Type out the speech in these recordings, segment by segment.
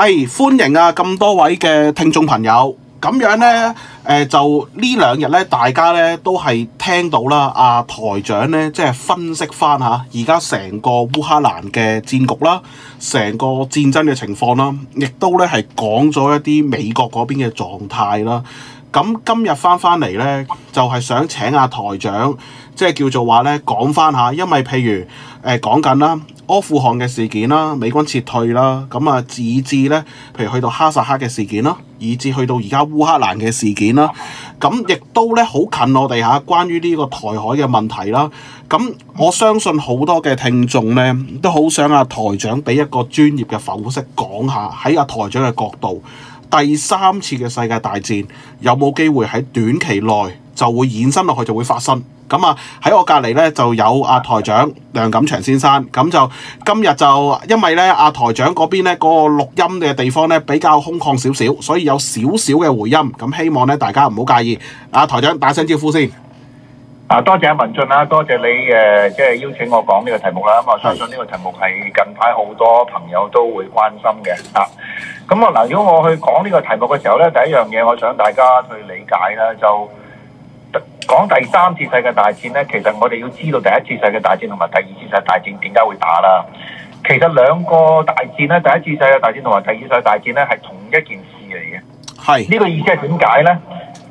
哎，hey, 歡迎啊！咁多位嘅聽眾朋友，咁樣呢，呃、就呢兩日呢，大家呢都係聽到啦。阿、啊、台長呢，即係分析翻下而家成個烏克蘭嘅戰局啦，成個戰爭嘅情況啦，亦都呢係講咗一啲美國嗰邊嘅狀態啦。咁、嗯、今日翻翻嚟呢，就係、是、想請阿、啊、台長，即係叫做話呢，講翻下，因為譬如，誒、呃、講緊啦，阿富汗嘅事件啦，美軍撤退啦，咁啊以至咧，譬如去到哈薩克嘅事件啦，以至去到而家烏克蘭嘅事件啦，咁亦都咧好近我哋下、啊、關於呢個台海嘅問題啦，咁我相信好多嘅聽眾咧都好想阿、啊、台長俾一個專業嘅剖析講下，喺阿、啊、台長嘅角度，第三次嘅世界大戰有冇機會喺短期內？就會衍生落去，就會發生咁啊！喺我隔離呢，就有阿、啊、台長梁錦祥先生，咁就今日就因為呢阿、啊、台長嗰邊呢嗰、那個錄音嘅地方呢比較空曠少少，所以有少少嘅回音，咁希望呢，大家唔好介意。阿、啊、台長打聲招呼先。啊，多謝阿文進啦，多謝你誒，即、呃、係、就是、邀請我講呢個題目啦。咁我相信呢個題目係近排好多朋友都會關心嘅嗱。咁我嗱，如果我去講呢個題目嘅時候呢，第一樣嘢我想大家去理解咧就。講第三次世界大戰咧，其實我哋要知道第一次世界大戰同埋第二次世界大戰點解會打啦。其實兩個大戰咧，第一次世界大戰同埋第二次世界大戰咧，係同一件事嚟嘅。係呢個意思係點解咧？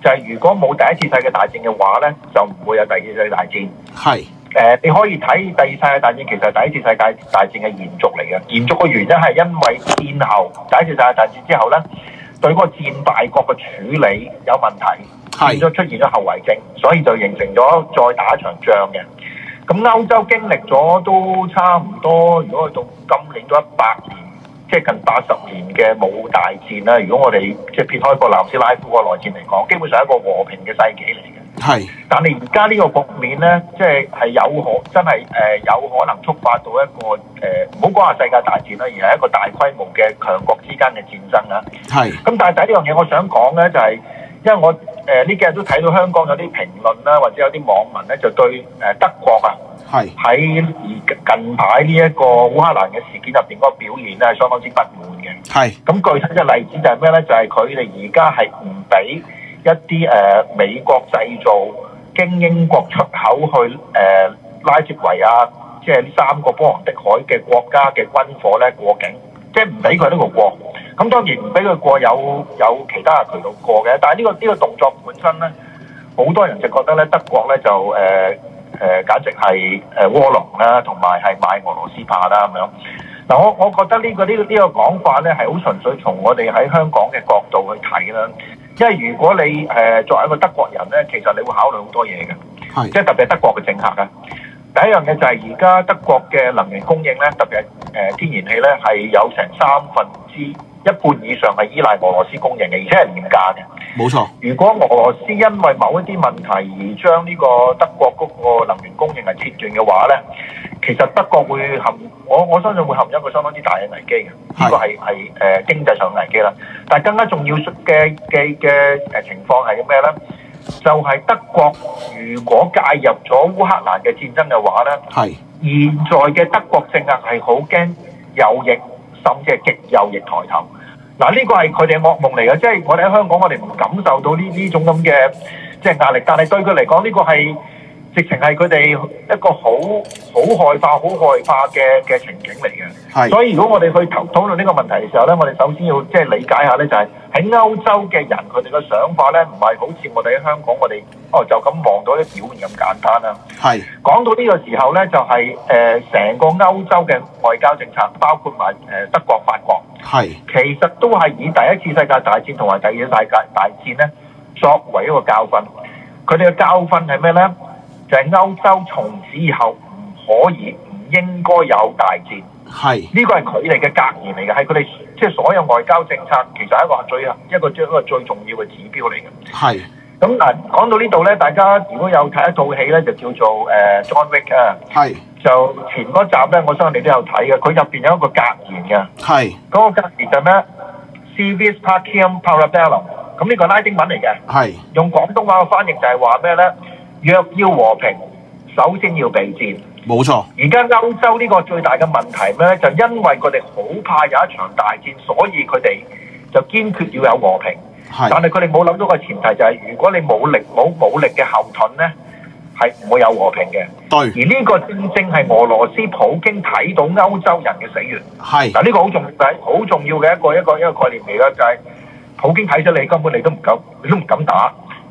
就係如果冇第一次世界大戰嘅話咧，就唔會有第二次世界大戰。係誒，你可以睇第二次世界大戰其實係第一次世界大戰嘅延續嚟嘅。延續嘅原因係因為戰後第一次世界大戰之後咧，對個戰敗國嘅處理有問題。變咗是出現咗後遺症，所以就形成咗再打一場仗嘅。咁歐洲經歷咗都差唔多，如果去到今年都一百年，即係近八十年嘅冇大戰啦。如果我哋即係撇開個南斯拉夫個內戰嚟講，基本上係一個和平嘅世紀嚟嘅。係是。但係而家呢個局面咧，即係係有可真係誒有可能觸發到一個誒，唔好講話世界大戰啦，而係一個大規模嘅強國之間嘅戰爭啊。係是。咁但係第一樣嘢，我想講咧就係、是。因為我誒呢、呃、幾日都睇到香港有啲評論啦，或者有啲網民咧、啊、就對誒、呃、德國啊，係喺是近排呢一個烏克蘭嘅事件入邊嗰個表現咧，相當之不滿嘅。係咁是具體嘅例子就係咩咧？就係佢哋而家係唔俾一啲誒、呃、美國製造經英國出口去誒、呃、拉脫維亞，即、就、係、是、三個波羅的海嘅國家嘅軍火咧過境，即係唔俾佢呢個國。咁當然唔俾佢過，有有其他嘅渠道過嘅。但係，這、呢個呢，這個動作本身咧，好多人就覺得咧德國咧就誒誒、呃呃，簡直係誒窩囊啦，同埋係買俄羅斯怕啦咁樣。嗱我我覺得、這個這個這個、呢個呢個呢個講法咧係好純粹從我哋喺香港嘅角度去睇啦。因為如果你誒、呃、作為一個德國人咧，其實你會考慮好多嘢嘅，即係特別係德國嘅政客啊。第一樣嘅就係而家德國嘅能源供應咧，特別係誒天然氣咧，係有成三分之一半以上係依賴俄羅斯供應嘅，而且係廉價嘅。冇錯。如果俄羅斯因為某一啲問題而將呢個德國嗰個能源供應係切斷嘅話咧，其實德國會陷我我相信會陷入一個相當之大嘅危機嘅。呢是個係係誒經濟上嘅危機啦。但係更加重要嘅嘅嘅誒情況係咩咧？就係德國，如果介入咗烏克蘭嘅戰爭嘅話咧，係現在嘅德國政客係好驚右翼，甚至係極右翼抬頭。嗱，呢個，呢個係佢哋嘅惡夢嚟嘅，即係我哋喺香港，我哋唔感受到呢呢種咁嘅即係壓力，但係對佢嚟講，呢，呢個係。直情係佢哋一個好好害怕、好害怕嘅嘅情景嚟嘅。係是。所以如果我哋去討討論呢個問題嘅時候咧，我哋首先要即係理解一下咧、就係，就係喺歐洲嘅人佢哋嘅想法咧，唔係好似我哋喺香港我哋哦就咁望到啲表面咁簡單啦、啊。係是。講到呢個時候咧，就係誒成個歐洲嘅外交政策，包括埋誒、呃、德國、法國。係是。其實都係以第一次世界大戰同埋第二次世界大戰咧作為一個教訓。佢哋嘅教訓係咩咧？就係歐洲從此以後唔可以、唔應該有大戰。係。呢個係佢哋嘅格言嚟嘅，係佢哋即係所有外交政策，其實係一個最一個即係一個最重要嘅指標嚟嘅。係。咁嗱，講到這裡呢度咧，大家如果有睇一套戲咧，就叫做誒、呃《John Wick》啊。係。就前嗰集咧，我相信你都有睇嘅。佢入邊有一個格言嘅。係。嗰個格言就咩 Si vis pacem, para bellum。咁呢個拉丁文嚟嘅。係。是 用廣東話嘅翻譯就係話咩咧？若要和平，首先要備戰。冇錯。而家歐洲呢個最大嘅問題呢，就因為佢哋好怕有一場大戰，所以佢哋就堅決要有和平。是但係佢哋冇諗到個前提就係、是，如果你冇力冇武力嘅後盾咧，係唔會有和平嘅。對而呢個正正係俄羅斯普京睇到歐洲人嘅死穴。係是。嗱，呢個好重好重要嘅一個一個一個概念嚟、就、啦、是，就係普京睇咗你，你根本你都唔敢，你都唔敢打。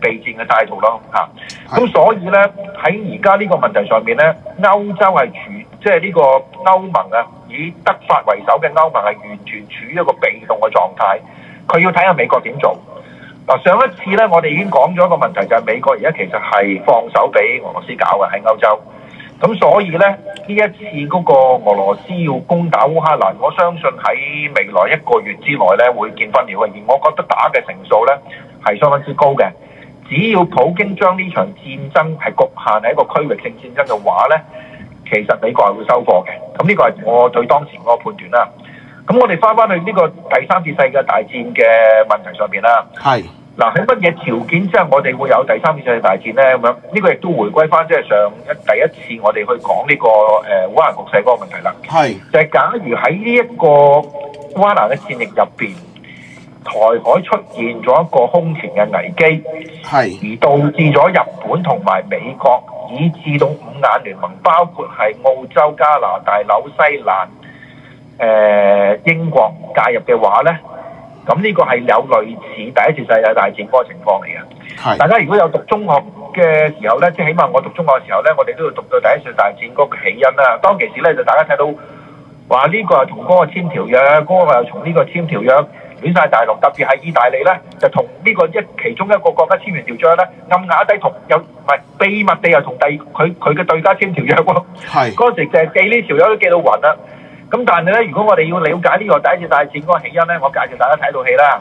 備戰嘅態度咯嚇，咁所以呢，喺而家呢個問題上面呢，歐洲係處即係呢個歐盟啊，以德法為首嘅歐盟係完全處於一個被動嘅狀態，佢要睇下美國點做。嗱，上一次呢，我哋已經講咗一個問題，就係、是、美國而家其實係放手俾俄羅斯搞嘅喺歐洲，咁所以呢，呢一次嗰個俄羅斯要攻打烏克蘭，我相信喺未來一個月之內呢會見分曉，而我覺得打嘅成數呢係相當之高嘅。只要普京將呢場戰爭係局限喺一個區域性戰爭嘅話呢，其實美國係會收貨嘅。咁呢個係我對當前嗰個判斷啦。咁我哋翻翻去呢個第三次世界大戰嘅問題上面啦。係是。嗱，喺乜嘢條件之下，我哋會有第三次世界大戰呢？咁樣呢個亦都回歸翻即係上一、就是、第一次我哋去講呢、這個誒烏克蘭局勢嗰個問題啦。係是。就係假如喺呢一個烏克蘭嘅戰役入邊。台海出現咗一個空前嘅危機，是而導致咗日本同埋美國，以至到五眼聯盟包括係澳洲、加拿大、紐西蘭、呃、英國介入嘅話咧，咁呢個係有類似第一次世界大戰嗰個情況嚟嘅。是大家如果有讀中學嘅時候咧，即起碼我讀中學嘅時候咧，我哋都要讀到第一次大戰嗰個起因啦。當其時咧，就大家睇到。話呢個又同嗰個簽條約，嗰個又同呢個簽條約，亂曬大陸。特別係意大利呢，就同呢個一其中一個國家簽完條約咧，暗啞底同又唔係秘密地又同第佢佢嘅對家簽條約喎。係嗰陣是時就係記呢條約都記到暈啦。咁但係呢，如果我哋要了解呢個第一次大戰嗰個起因咧，我介紹大家睇套戲啦。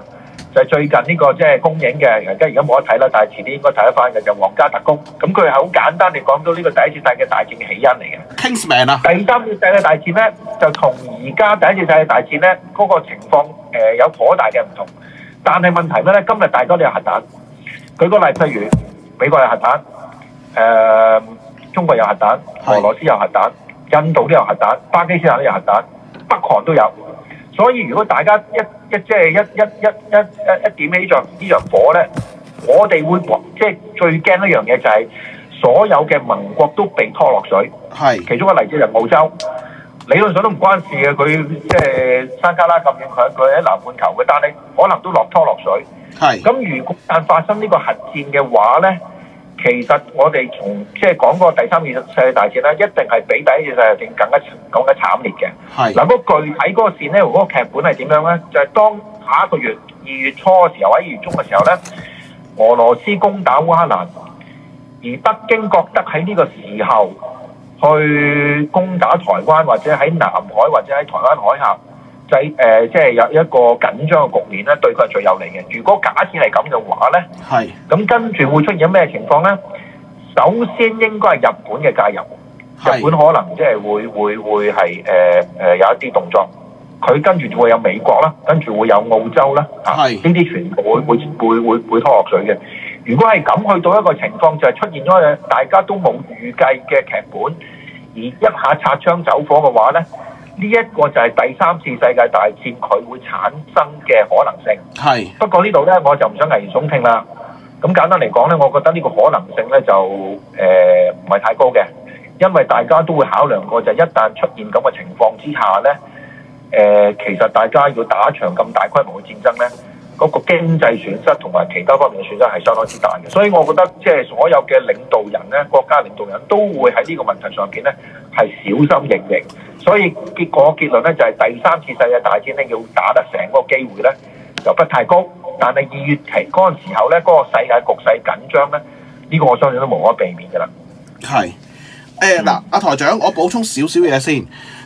就最近呢個即係公映嘅，而家而家冇得睇啦。但係遲啲應該睇得翻嘅就是《皇家特工》，咁佢係好簡單地講到呢個第一次世界大戰嘅起因嚟嘅。Kingsman 啊！第三次世界大戰咧，就同而家第一次世界大戰咧嗰、那個情況誒有頗大嘅唔同。但係問題咩咧？今日大多都有核彈。舉個例譬如美國有核彈，誒、呃、中國有核彈，俄羅斯有核彈，是印度都有核彈，巴基斯坦都有核彈，北韓都有。所以如果大家一一即係一一一一一一點起着呢場火咧，我哋會即係最驚一樣嘢就係所有嘅盟國都被拖落水。係是其中一個例子就澳洲，理論上都唔關事嘅，佢即係山卡拉咁遠佢佢喺南半球嘅，但係可能都落拖落水。係咁是如果但發生呢個核戰嘅話咧？其實我哋從即係講個第三次世界大戰咧，一定係比第一次世界大戰更加更加慘烈嘅。係嗱，個具體嗰個線咧，嗰、嗰個劇本係點樣咧？就係、係、當下一個月二月初嘅時候，喺二月中嘅時候咧，俄羅斯攻打烏克蘭，而北京覺得喺呢個時候去攻打台灣，或者喺南海，或者喺台灣海峽。就係、呃、即係有一個緊張嘅局面咧，對佢係最有利嘅。如果假設係咁嘅話咧，係咁是跟住會出現咩情況咧？首先應該係日本嘅介入，日本可能即係會會會係誒誒有一啲動作。佢跟住會有美國啦，跟住會有澳洲啦，係呢啲全部會會會會會拖落水嘅。如果係咁去到一個情況，就係、是、出現咗大家都冇預計嘅劇本，而一下擦槍走火嘅話咧。呢一個就係第三次世界大戰佢會產生嘅可能性。係。不過呢度呢，我就唔想危言聳聽啦。咁簡單嚟講呢，我覺得呢個可能性呢，就誒唔係太高嘅，因為大家都會考量過，就係一旦出現咁嘅情況之下呢，誒、呃、其實大家要打一場咁大規模嘅戰爭呢，嗰個經濟損失同埋其他方面嘅損失係相當之大嘅。所以我覺得即係所有嘅領導人呢，國家領導人都會喺呢個問題上邊呢，係小心翼翼。所以結果結論咧就係第三次世界大戰咧要打得成個機會咧就不太高，但係二月期嗰陣時候咧，嗰個世界局勢緊張咧，呢個我相信都無可避免噶啦。係，誒嗱，阿台長，我補充少少嘢先。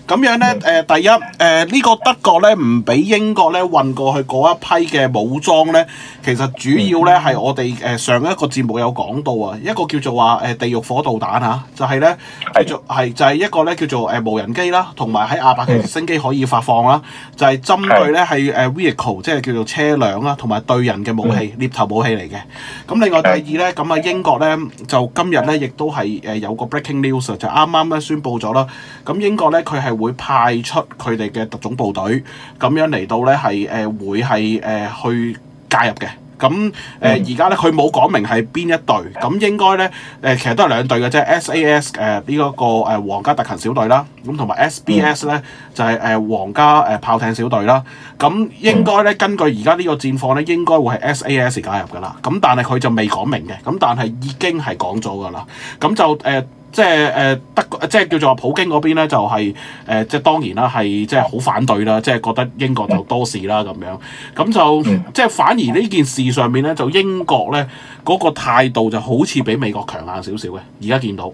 咁樣咧，誒、呃、第一，誒、呃、呢、這個德國咧唔俾英國咧運過去嗰一批嘅武裝咧，其實主要咧係我哋誒、呃、上一個節目有講到啊，一個叫做話誒、呃、地獄火導彈嚇、啊，就係、是、咧叫做係是的 就係、是、一個咧叫做誒、呃、無人機啦，同埋喺阿帕奇直升機可以發放啦，是的 就係針對咧係誒 vehicle 即係叫做車輛啦，同埋對人嘅武器獵、嗯、頭武器嚟嘅。咁、嗯、另外第二咧，咁啊英國咧就今日咧亦都係誒、呃、有個 breaking news 就啱啱咧宣布咗啦，咁英國咧佢係。會派出佢哋嘅特種部隊，咁樣嚟到呢係誒、呃、會係誒、呃、去介入嘅。咁誒而家呢，佢冇講明係邊一隊，咁應該呢，誒、呃、其實都係兩隊嘅啫。SAS 誒呢一個皇、呃、家特勤小隊啦，咁、呃、同埋 SBS 呢、嗯、就係誒皇家誒、呃、炮艇小隊啦。咁應該呢，根據而家呢個戰況呢，應該會係 SAS 介入㗎啦。咁但係佢就未講明嘅，咁但係已經係講咗㗎啦。咁就誒、呃即係誒德國，即係叫做普京嗰邊咧、就是，就係誒即係當然啦，係即係好反對啦，即係覺得英國就多事啦咁樣。咁就、嗯、即係反而呢件事上面咧，就英國咧嗰、那個態度就好似比美國強硬少少嘅。而家見到，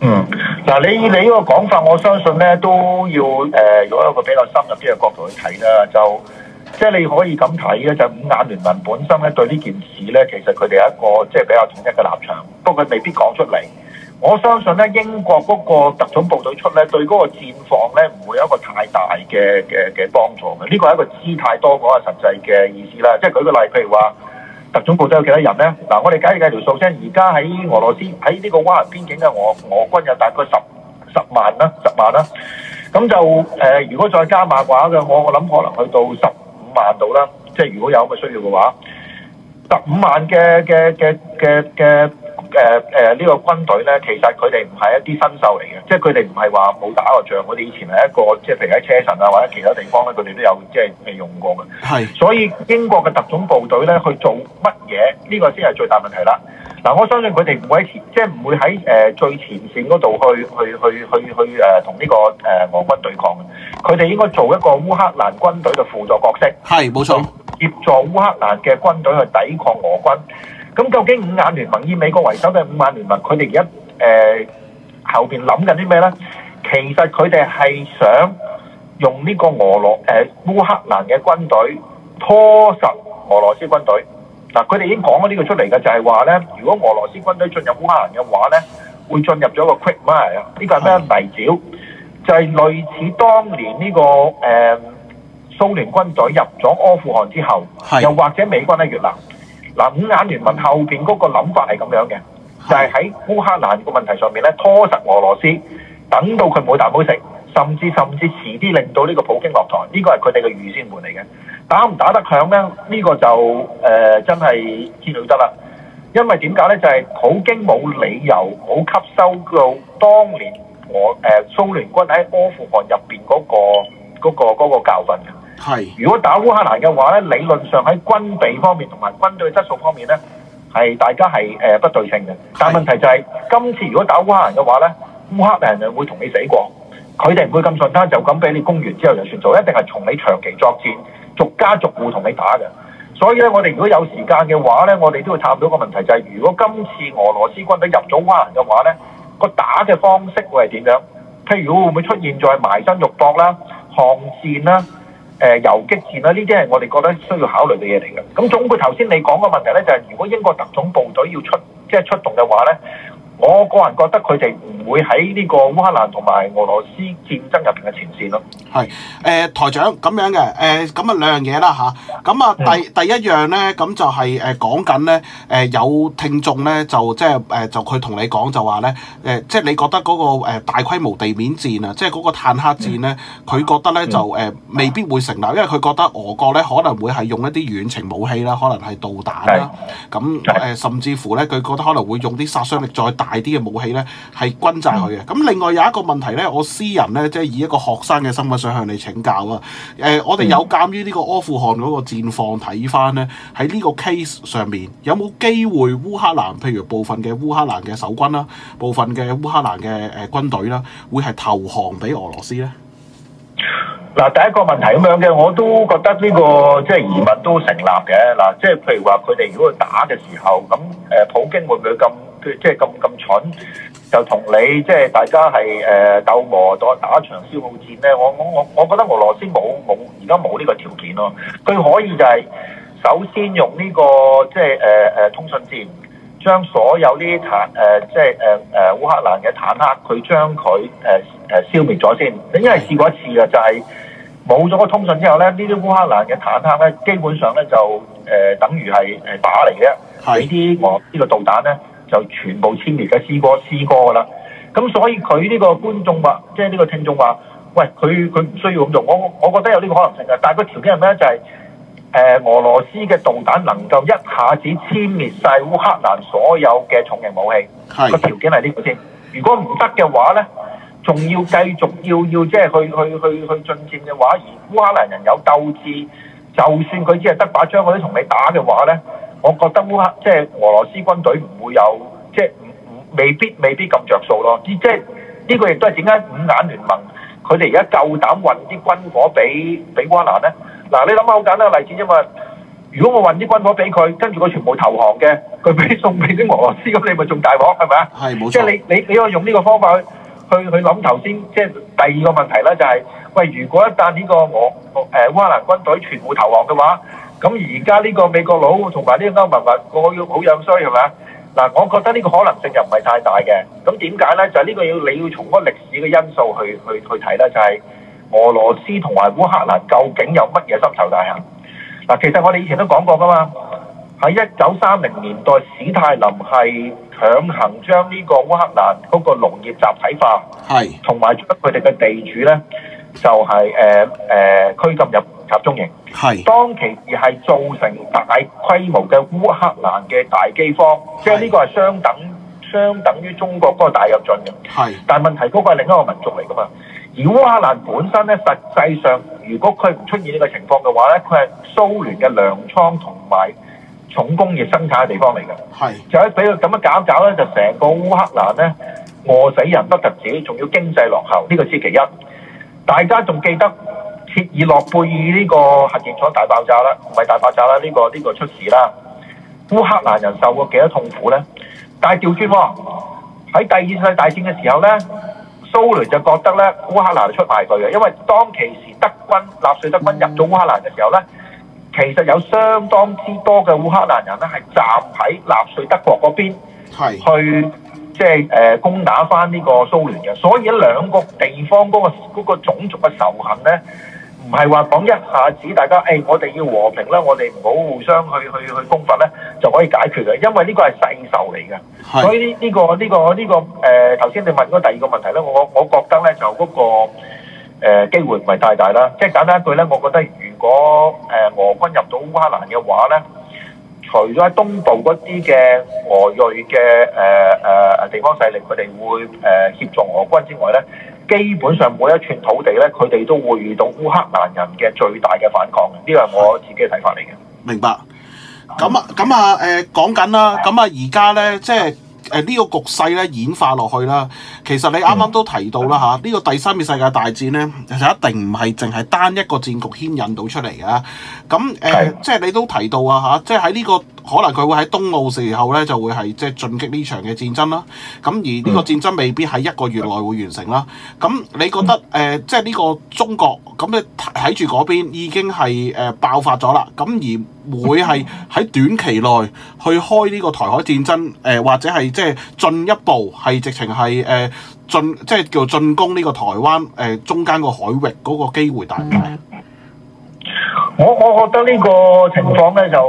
嗯，嗱、啊，你你呢個講法，我相信咧都要誒、呃，如果有一個比較深入啲嘅角度去睇啦，就即係你可以咁睇咧，就五眼聯盟本身咧對呢件事咧，其實佢哋有一個即係、就是、比較統一嘅立場，不過未必講出嚟。我相信咧，英國嗰個特種部隊出咧，對嗰個戰況咧，唔會有一個太大嘅嘅嘅幫助嘅。呢個係一個姿態多過係實際嘅意思啦。即係舉個例，譬如話，特種部隊有幾多人咧？嗱，我哋簡直計條數先。而家喺俄羅斯喺呢個烏克蘭邊境嘅我俄軍有大概十十萬啦，十萬啦。咁就誒、呃，如果再加碼嘅話，我我諗可能去到十五萬度啦。即係如果有咁嘅需要嘅話，十五萬嘅嘅嘅嘅嘅。的的的的誒誒，呢、呃呃這個軍隊咧，其實佢哋唔係一啲新手嚟嘅，即係佢哋唔係話冇打過仗，我哋以前係一個，即係譬如喺車臣啊或者其他地方咧，佢哋都有即係未用過嘅。係是，所以英國嘅特種部隊咧去做乜嘢？呢、這個先係最大問題啦。嗱，我相信佢哋唔會喺前，即係唔會喺誒、呃、最前線嗰度去去去去去誒同呢個誒、呃、俄軍對抗嘅。佢哋應該做一個烏克蘭軍隊嘅輔助角色。係，冇錯，協助烏克蘭嘅軍隊去抵抗俄軍。咁究竟五眼聯盟以美國為首嘅五眼聯盟，佢哋而家誒後邊諗緊啲咩呢？其實佢哋係想用呢個俄羅誒烏克蘭嘅軍隊拖實俄羅斯軍隊。嗱、啊，佢哋已經講咗呢個出嚟嘅，就係、是、話呢：如果俄羅斯軍隊進入烏克蘭嘅話呢會進入咗個 quagmire，呢個係咩？泥沼，就係、是、類似當年呢、這個誒、呃、蘇聯軍隊入咗阿富汗之後，的又或者美軍喺越南。嗱，五眼聯盟後邊嗰個諗法係咁樣嘅，就係喺烏克蘭個問題上面咧，拖實俄羅斯，等到佢冇啖好食，甚至甚至遲啲令到呢個普京落台，呢個係佢哋嘅預先盤嚟嘅。打唔打得響咧？呢個就誒真係見到得啦。因為點解咧？就係普京冇理由冇吸收到當年我誒蘇聯軍喺阿富汗入邊嗰個嗰個嗰個教訓。係。如果打烏克蘭嘅話咧，理論上喺軍備方面同埋軍隊質素方面咧，係大家係誒、呃、不對稱嘅。但問題就係、是，今次如果打烏克蘭嘅話咧，烏克蘭人會同你死過，佢哋唔會咁順啦，就咁俾你攻完之後就算做，一定係從你長期作戰，逐家逐戶同你打嘅。所以咧，我哋如果有時間嘅話咧，我哋都會探到個問題就係、是，如果今次俄羅斯軍隊入咗烏克蘭嘅話咧，個打嘅方式會係點樣？譬如會唔會出現在埋身肉搏啦、巷戰啦？誒、呃，游擊戰啦，呢啲係我哋覺得需要考慮嘅嘢嚟㗎。咁總括頭先你講嘅問題咧，就係，就係如果英國特種部隊要出即係出動嘅話咧。我個人覺得佢哋唔會喺呢個烏克蘭同埋俄羅斯戰爭入邊嘅前線咯。係、呃，誒台長咁樣嘅，誒咁啊兩樣嘢啦吓，咁啊第、嗯、第一樣咧，咁就係誒講緊咧，誒、呃、有聽眾咧就即係誒就佢同你講就話咧，誒即係你覺得嗰個大規模地面戰啊，即係嗰個坦克戰咧，佢、嗯、覺得咧就誒、呃嗯、未必會成立，因為佢覺得俄國咧可能會係用一啲遠程武器啦，可能係導彈啦，咁誒甚至乎咧佢覺得可能會用啲殺傷力再大，係啲嘅武器呢，係轟炸佢嘅。咁、嗯、另外有一個問題呢，我私人呢，即係以一個學生嘅身份想向你請教啊。誒、呃，我哋有鑒於呢個阿富汗嗰個戰況，睇翻呢喺呢個 case 上面，有冇機會烏克蘭譬如部分嘅烏克蘭嘅守軍啦，部分嘅烏克蘭嘅誒軍隊啦，會係投降俾俄羅斯呢？嗱，第一個問題咁樣嘅，我都覺得呢、呢個即係疑問都成立嘅。嗱，即係譬如話佢哋如果打嘅時候，咁誒普京會唔會咁？佢即係咁咁蠢，就同你即係大家係誒、呃、鬥磨咗打一場消耗戰咧。我我我我覺得俄羅斯冇冇而家冇呢個條件咯。佢可以就係首先用呢、呢個即係、呃、通訊戰，將所有呢啲坦誒、呃、即係烏、呃呃、克蘭嘅坦克，佢將佢、呃、消滅咗先。你因為試過一次嘅，就係冇咗個通訊之後咧，呢啲烏克蘭嘅坦克咧，基本上咧就、呃、等於係打嚟嘅。係啲俄呢個導彈咧。就全部殲滅咗詩歌詩歌噶啦，咁所以佢呢個觀眾話，即係呢個聽眾話，喂，佢佢唔需要咁做，我我覺得有呢個可能性噶，但係個條件係咩就係、是、誒、呃，俄羅斯嘅導彈能夠一下子殲滅晒烏克蘭所有嘅重型武器，個的條件係呢個先。如果唔得嘅話呢，仲要繼續要要即係去去去去，去進戰嘅話，而烏克蘭人有鬥志，就算佢只係得把槍，我都同你打嘅話呢。我覺得烏克即係俄羅斯軍隊唔會有即係唔唔未必未必咁着數咯，即係呢個亦都係點解五眼聯盟佢哋而家夠膽運啲軍火俾俾烏克蘭咧？嗱、啊，你諗下好簡單嘅例子啫嘛。如果我運啲軍火俾佢，跟住佢全部投降嘅，佢俾送俾啲俄羅斯咁，你咪仲大鑊係咪啊？係冇錯。即係你你你我用呢個方法去去去諗頭先即係第二個問題啦，就係，就係喂，如果一旦呢個俄俄誒烏蘭軍隊全部投降嘅話，咁而家呢個美國佬同埋呢啲歐文華，我要好樣衰係咪啊？嗱，我覺得呢個可能性就唔係太大嘅。咁點解呢？就係呢個要你要從個歷史嘅因素去去去睇呢，就係俄羅斯同埋烏克蘭究竟有乜嘢深仇大恨？嗱，其實我哋以前都講過噶嘛，喺一九三零年代，史太林係強行將呢個烏克蘭嗰個農業集體化，係同埋將佢哋嘅地主呢。就係誒誒拘禁入集中營，係是當其時係造成大規模嘅烏克蘭嘅大饑荒，是即係呢個係相等相等於中國嗰個大躍進嘅，係是。但係問題，嗰個係另一個民族嚟㗎嘛？而烏克蘭本身咧，實際上如果佢唔出現呢個情況嘅話咧，佢係蘇聯嘅糧倉同埋重工業生產嘅地方嚟嘅。係是。就喺俾佢咁樣搞一搞咧，就成個烏克蘭咧餓死人不特止，仲要經濟落後，呢個先其一。大家仲記得切爾諾貝爾呢個核電廠大爆炸啦，唔係大爆炸啦，呢、呢個呢、呢個出事啦。烏克蘭人受過幾多痛苦呢？但係調轉喎，喺第二次大戰嘅時候呢，蘇聯就覺得呢烏克蘭出賣佢嘅，因為當其時德軍納粹德軍入咗烏克蘭嘅時候呢，其實有相當之多嘅烏克蘭人呢係站喺納粹德國嗰邊去。即係、就是呃、攻打翻呢個蘇聯嘅，所以兩兩個地方嗰、那個嗰、那個、種族嘅仇恨呢，唔係話講一下子大家誒、哎、我哋要和平啦，我哋唔好互相去去去攻伐呢，就可以解決嘅，因為呢個係世仇嚟嘅。是所以呢、這個、這個呢、這個呢個誒頭先你問嗰第二個問題呢，我我覺得呢就嗰、那個、呃、機機會唔係太大啦。即、就、係、是、簡單一句呢，我覺得如果誒、呃、俄軍入到烏克蘭嘅話呢。除咗喺東部嗰啲嘅俄裔嘅誒誒誒地方勢力，佢哋會誒協助俄軍之外咧，基本上每一寸土地咧，佢哋都會遇到烏克蘭人嘅最大嘅反抗。呢個係我自己嘅睇法嚟嘅。明白。咁啊咁啊誒講緊啦。咁啊而家咧即係。就是誒呢、呃呢個局勢咧演化落去啦，其實你啱啱都提到啦嚇，呢、嗯啊呢個第三次世界大戰咧，其實一定唔係淨係單一個戰局牽引到出嚟嘅，咁誒，啊嗯、即係你都提到啊嚇，即係喺呢個。可能佢會喺冬奧時候咧，就會係即係進擊呢場嘅戰爭啦。咁而呢個戰爭未必喺一個月內會完成啦。咁你覺得誒，即係呢個中國咁你睇住嗰邊已經係、呃、爆發咗啦。咁而會係喺短期內去開呢個台海戰爭誒、呃，或者係即係進一步係直情係誒進即係、就是、叫進攻呢個台灣誒、呃、中間個海域嗰個機會大唔大？嗯我我覺得呢個情況咧，就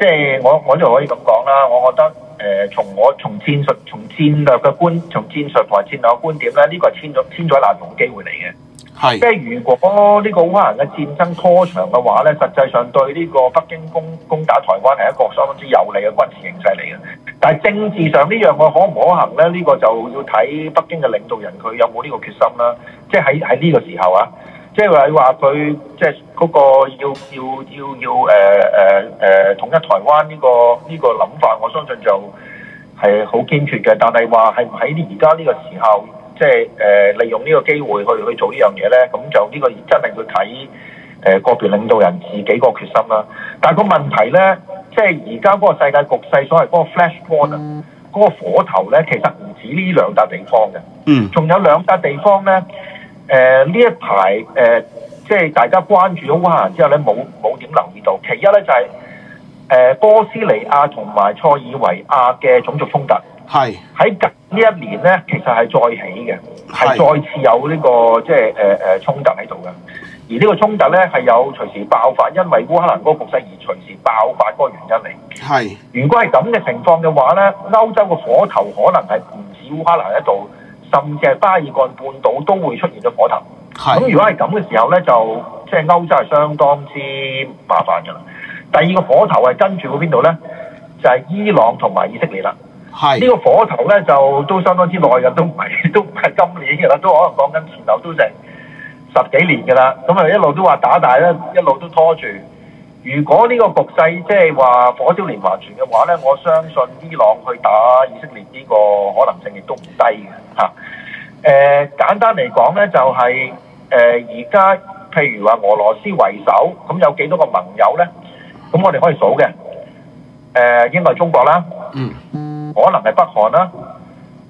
即係、就是、我我就可以咁講啦。我覺得誒、呃，從我從戰術、從戰略嘅觀、從戰術同埋戰略嘅觀點咧，呢、這個係千載千載難逢嘅機會嚟嘅。係是即係如果呢個烏克蘭嘅戰爭拖長嘅話咧，實際上對呢個北京攻攻打台灣係一個相當之有利嘅軍事形勢嚟嘅。但係政治上呢樣我可唔可行咧？呢、這個就要睇北京嘅領導人佢有冇呢個決心啦、啊。即係喺喺呢個時候啊！即係話佢，即係嗰個要要要要誒誒誒統一台灣呢個呢個諗法，我相信就係好堅決嘅。但係話係唔喺而家呢個時候，即係誒利用呢個機會去去做呢樣嘢咧，咁就呢個真係要睇誒個別領導人自己個決心啦。但係個問題咧，即係而家嗰個世界局勢所謂嗰個 flashpoint 嗰，嗯，個火頭咧，其實唔止呢兩笪地方嘅，嗯，仲有兩笪地方咧。誒呢、呃、一排誒、呃，即係大家關注咗烏克蘭之後咧，冇冇點留意到？其一咧就係、是、誒、呃、波斯尼亞同埋塞爾維亞嘅種族衝突，喺是近呢一年咧，其實係再起嘅，係是再次有呢、這個即係誒誒衝突喺度嘅。而個衝呢個衝突咧係有隨時爆發，因為烏克蘭嗰個局勢而隨時爆發嗰個原因嚟。係是如果係咁嘅情況嘅話咧，歐洲嘅火頭可能係唔止烏克蘭一度。甚至係巴爾幹半島都會出現咗火頭，咁是的 如果係咁嘅時候呢，就即係歐洲係相當之麻煩噶啦。第二個火頭係跟住去邊度呢，就係、是、伊朗同埋以色列啦。係呢個火頭呢，就都相當之耐嘅，都唔係都唔係今年嘅啦，都可能講緊前頭都成十幾年噶啦。咁啊一路都話打大啦，一路都拖住。如果呢個局勢即係話火燒連環船嘅話咧，我相信伊朗去打以色列呢個可能性亦都唔低嘅吓。誒、啊呃、簡單嚟講呢就係而家譬如話俄羅斯為首，咁有幾多個盟友呢？咁我哋可以數嘅。誒應該係中國啦，嗯，可能係北韓啦。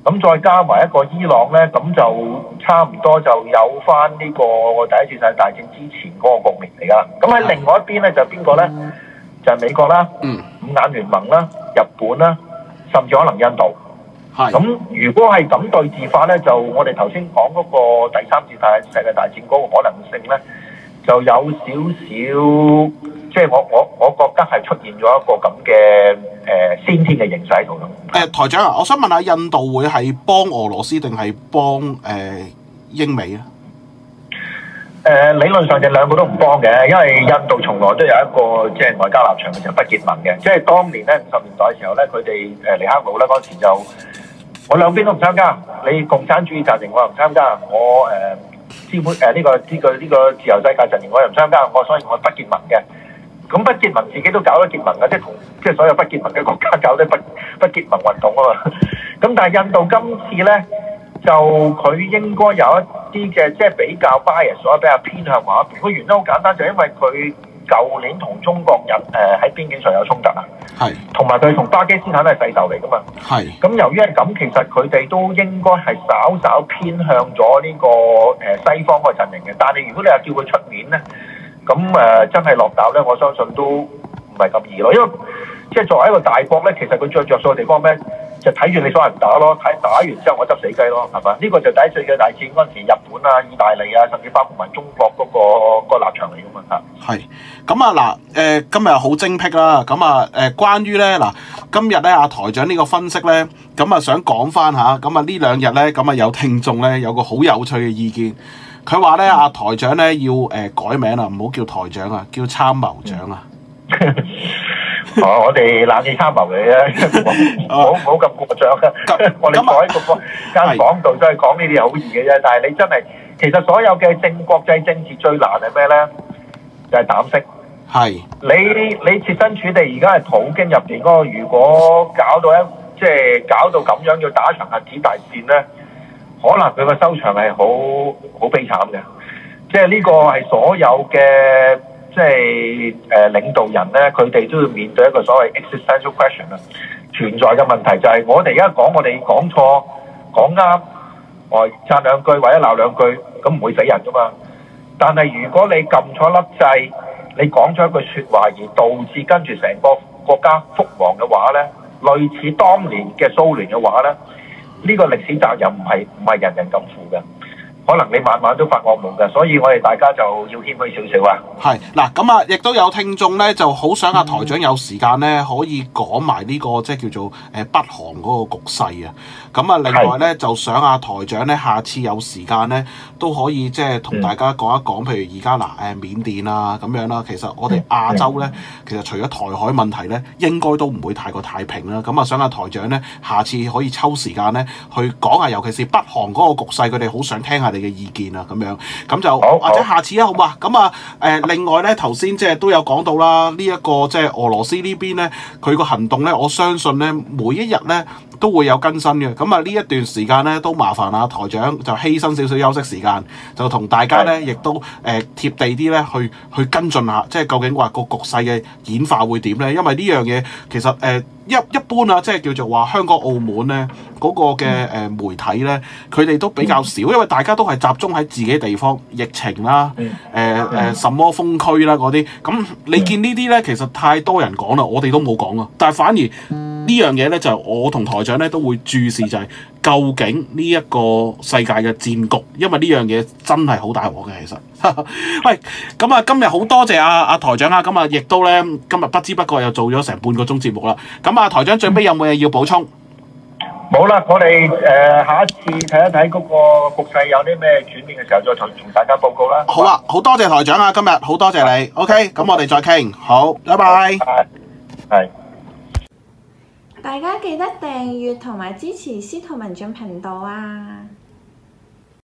咁再加埋一個伊朗呢，咁就差唔多就有翻呢個第一次世界大戰之前嗰個局面嚟噶。咁喺另外一邊呢，就係邊個呢？嗯、就係美國啦、嗯、五眼聯盟啦、日本啦，甚至可能印度。咁是如果係咁對峙法呢，就我哋頭先講嗰個第三次世界大戰嗰個可能性呢。就有少少，即係我我我覺得係出現咗一個咁嘅誒先天嘅形勢咁樣、呃。台長啊，我想問下印度會係幫俄羅斯定係幫，誒、呃、英美啊？誒、呃、理論上就兩個都唔幫嘅，因為印度從來都有一個即係外交立場嘅時不結盟嘅。即係當年咧五十年代嘅時候咧，佢哋誒尼赫魯咧嗰時，就我兩邊都唔參加，你共產主義陣營我又唔參加，我誒。呃誒呢、這個呢、這個呢、這個自由世界陣營我又唔參加，我所以我不結盟嘅，咁不結盟自己都搞咗結盟嘅，即係同即係所有不結盟嘅國家搞咗不不結盟運動啊嘛。咁但係印度今次咧，就佢應該有一啲嘅即係比較 bias 所以比較偏向話。個原因好簡單，就是，因為佢。舊年同中國人誒喺、呃、邊境上有衝突啊，係是，同埋佢同巴基斯坦都係勢鬥嚟㗎嘛，係是。咁由於係咁，其實佢哋都應該係稍稍偏向咗呢、這個誒、呃、西方嗰陣營嘅。但係如果你話叫佢出面咧，咁誒、呃、真係落手咧，我相信都唔係咁易咯，因為即係作為一個大國咧，其實佢最着數嘅地方咩？就睇住你所有人打咯，睇打完之後我執死雞咯，係嘛？呢、這個就第一次世界大戰嗰陣時，日本啊、意大利啊，甚至包括埋中國嗰、嗰個嗰個立場嚟嘅問題。係，咁啊嗱，誒、呃、今日好精闢啦、啊，咁啊誒、呃、關於咧嗱，今日咧阿台長呢個分析咧，咁啊想講翻吓，咁啊呢兩日咧，咁啊有聽眾咧有個好有趣嘅意見，佢話咧阿台長咧要誒改名啦，唔好叫台長啊，叫參謀長啊。嗯 哦，我哋冷氣閂流你咧，唔好唔好咁過獎啊！我哋坐喺個間房度，都係講呢啲又好易嘅啫。但係你真係，其實所有嘅政國際政治最難係咩咧？就係膽識。係。你你設身處地，而家係普京入邊嗰個，如果搞到一即係搞到咁樣，要打一場核子大戰咧，可能佢個收場係好好悲慘嘅。即係呢個係所有嘅。即係誒領導人咧，佢哋都要面對一個所謂 existential question 啊，存在嘅問題就係我哋而家講，我哋講錯講啱，我讚兩句或者鬧兩句，咁唔會死人噶嘛。但係如果你撳錯粒掣，你講咗一句説話而導致跟住成個國家覆亡嘅話咧，類似當年嘅蘇聯嘅話咧，呢個歷史責任唔係唔係人人敢負嘅。可能你晚晚都發噩夢㗎，所以我哋大家就要謙虛少少啊。係嗱，咁啊，亦都有聽眾呢就好想阿台長有時間呢，嗯、可以講埋呢個即係叫做誒北韓嗰個局勢啊。咁啊，另外呢，是就想阿台長呢，下次有時間呢，都可以即係同大家講一講，嗯、譬如而家嗱誒緬甸啊咁樣啦。其實我哋亞洲呢，嗯、其實除咗台海問題呢，應該都唔會太過太平啦。咁啊，想阿台長呢，下次可以抽時間呢，去講下，尤其是北韓嗰個局勢，佢哋好想聽下你嘅意見啊，咁樣咁就或者下次啊，好嘛？咁啊、呃、另外咧，頭先即係都有講到啦，呢一個即係俄羅斯呢邊咧，佢個行動咧，我相信咧，每一日咧，都會有更新嘅，咁啊呢一段時間咧都麻煩啊台長就犧牲少少休息時間，就同大家咧亦都誒、呃、貼地啲咧去去跟進下，即係究竟話個局勢嘅演化會點咧？因為呢樣嘢其實、呃、一一般啊，即係叫做話香港、澳門咧嗰個嘅、呃、媒體咧，佢哋都比較少，嗯、因為大家都係集中喺自己地方疫情啦，呃嗯、什麼封區啦嗰啲，咁你見呢啲咧其實太多人講啦，我哋都冇講啊，但係反而。呢樣嘢呢，就係、是、我同台長呢都會注視，就係究竟呢一個世界嘅戰局，因為呢樣嘢真係好大禍大鑊嘅。其實，喂、 嗯，咁啊，今日好多謝啊阿台長啊，咁啊，亦都呢，今日不知不覺又做咗成半個鐘節目啦。咁、嗯、啊，台長最尾有冇嘢要補充？冇啦，我哋誒、呃、下一次睇一睇嗰個局勢有啲咩轉變嘅時候，再同同大家報告啦。好啦了，好多吧謝，謝台長啊，今日好多謝你。OK，咁、嗯、我哋再傾，嗯、好，好拜拜。係拜。大家記得訂閱同埋支持司徒文進頻道啊！